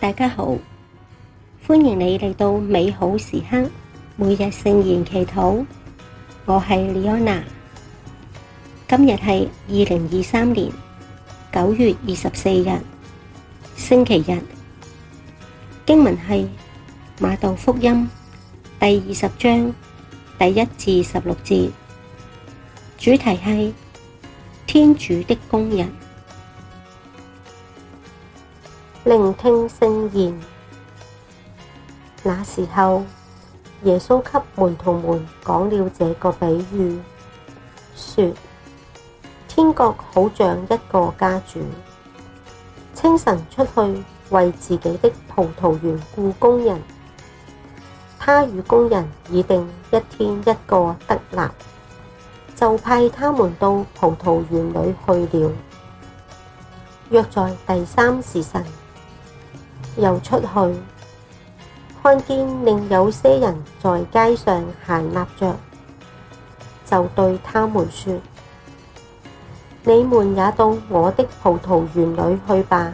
大家好，歡迎你嚟到美好時刻，每日聖言祈禱。我係李安娜，今日係二零二三年九月二十四日，星期日。經文係瑪竇福音第二十章第一至十六節，主題係天主的工人。聆聽聖言。那時候，耶穌給門徒們講了這個比喻，說，天國好像一個家主，清晨出去為自己的葡萄園僱工人，他與工人議定，一天一個德納，就派他們到葡萄園裡去了。約在第三時辰。又出去，看見另有些人在街上閒立着，就對他們說：你們也到我的葡萄園裡去吧，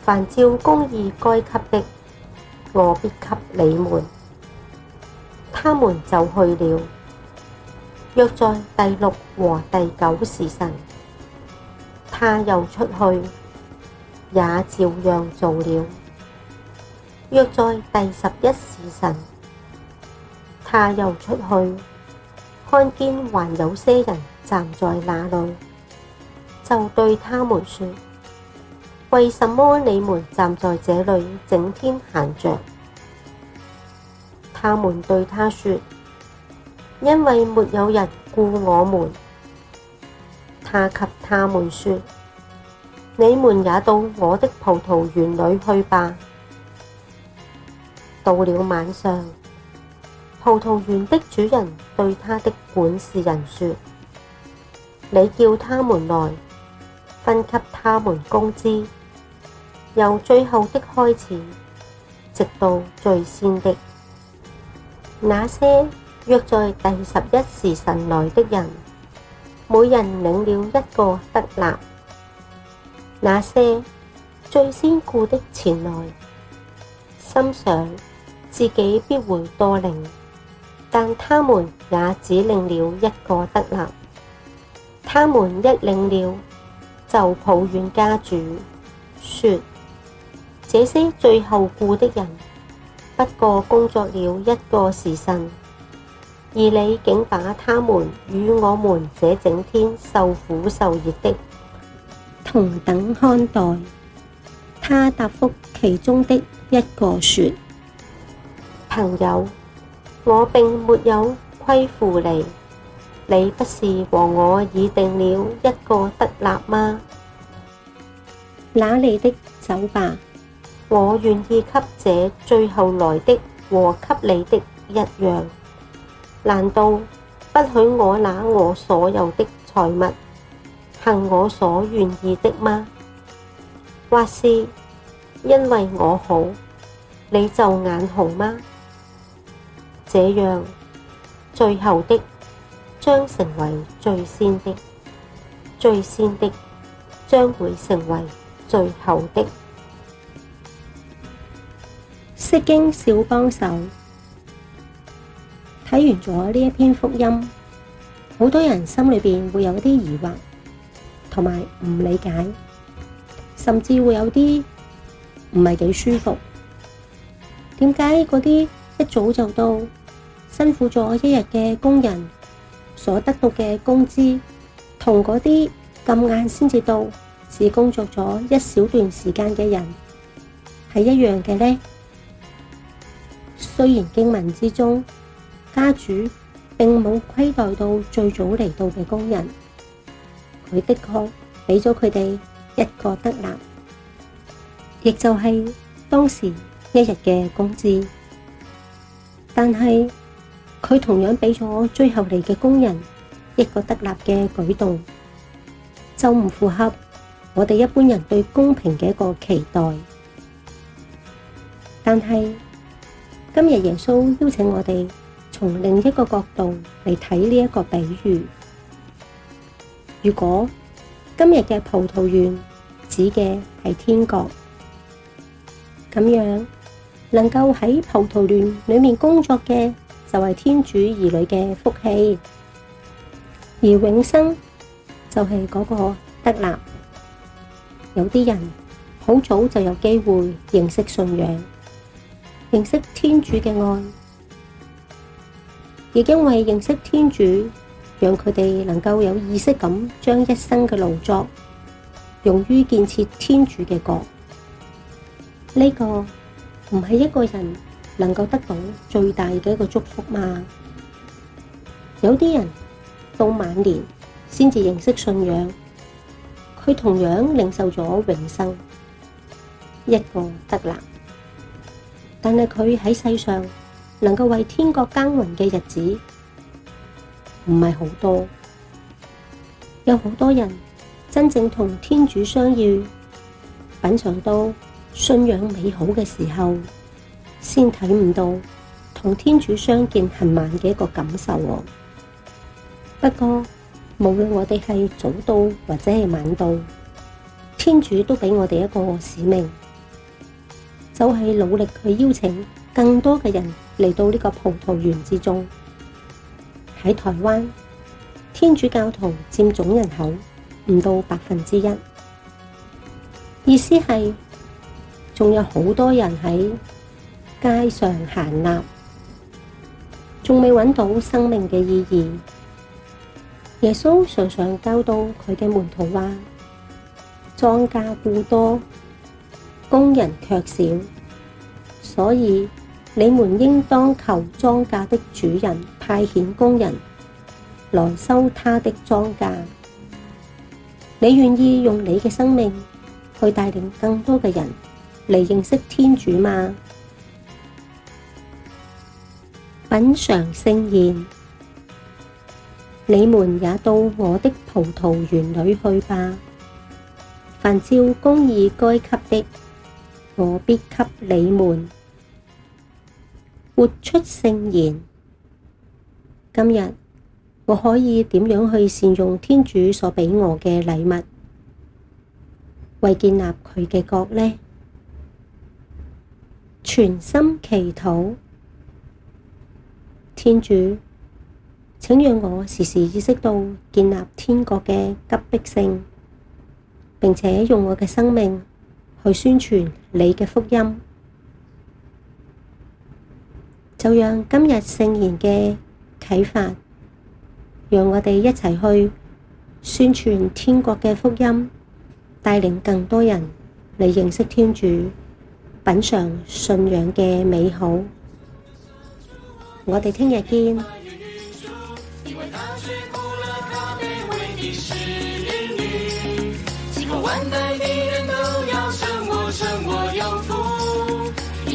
凡照公義該給的，我必給你們。他們就去了。約在第六和第九時辰，他又出去。也照樣做了。約在第十一時辰，他又出去，看見還有些人站在那裏，就對他們說：為什麼你們站在這裏整天閒着？他們對他說：因為沒有人僱我們。他給他們說：你們也到我的葡萄園裏去吧。到了晚上，葡萄園的主人對他的管事人說：你叫他們來，分給他們工資，由最後的開始，直到最先的。那些約在第十一時辰來的人，每人領了一個德納。那些最先僱的前來，心想自己必會多領，但他們也只領了一個德納。他們一領了，就抱怨家主，說：這些最後僱的人，不過工作了一個時辰，而你竟把他們與我們這整天受苦受熱的。同等看待。他答覆其中的一個說：朋友，我並沒有虧負你。你不是和我議定了一個德納嗎？拿你的走吧，我願意給這最後來的和給你的一樣。難道不許我拿我所有的財物，行我所願意的嗎？或是因為我好，你就眼紅嗎？這樣，最後的將成為最先的，最先的將會成為最後的。釋經小幫手，睇完咗呢一篇福音，好多人心裏邊會有啲疑惑。同埋唔理解，甚至會有啲唔係幾舒服。點解嗰啲一早就到，辛苦咗一日嘅工人所得到嘅工資，同嗰啲咁晏先至到，只工作咗一小段時間嘅人係一樣嘅呢？雖然經文之中，家主並冇虧待到最早嚟到嘅工人，佢的確俾咗佢哋一個德納，亦就係當時一日嘅工資。但係佢同樣俾咗最後嚟嘅工人一個德納嘅舉動，就唔符合我哋一般人對公平嘅一個期待。但係今日耶穌邀請我哋從另一個角度嚟睇呢一個比喻。如果今日嘅葡萄園指嘅係天國，咁樣能夠喺葡萄園裏面工作嘅就係天主兒女嘅福氣，而永生就係嗰個德納。有啲人好早就有機會認識信仰，認識天主嘅愛，亦因為認識天主。讓佢哋能夠有意識咁將一生嘅勞作用於建設天主嘅國，呢、這個唔係一個人能夠得到最大嘅一個祝福嘛。有啲人到晚年先至認識信仰，佢同樣領受咗永生，一個德納。但係佢喺世上能夠為天國耕耘嘅日子，唔係好多，有好多人真正同天主相遇，品嚐到信仰美好嘅時候，先睇唔到同天主相見恨晚嘅一個感受。不過，無論我哋係早到或者係晚到，天主都俾我哋一個使命，就係、是、努力去邀請更多嘅人嚟到呢個葡萄園之中。喺台灣，天主教徒佔總人口唔到百分之一，意思係仲有好多人喺街上閒立，仲未揾到生命嘅意義。耶穌常常教導佢嘅門徒話：莊稼固多，工人卻少，所以。你們應當求莊稼的主人派遣工人來收他的莊稼。你願意用你嘅生命去帶領更多嘅人嚟認識天主嗎？品嚐聖言，你們也到我的葡萄園裏去吧。凡照公義該給的，我必給你們。活出聖言。今日我可以點樣去善用天主所畀我嘅禮物，為建立佢嘅國呢？全心祈禱，天主，請讓我時時意識到建立天國嘅急迫性，並且用我嘅生命去宣傳你嘅福音。就讓今日聖言嘅啟發，讓我哋一齊去宣傳天國嘅福音，帶領更多人嚟認識天主，品嘗信仰嘅美好。我哋聽日見。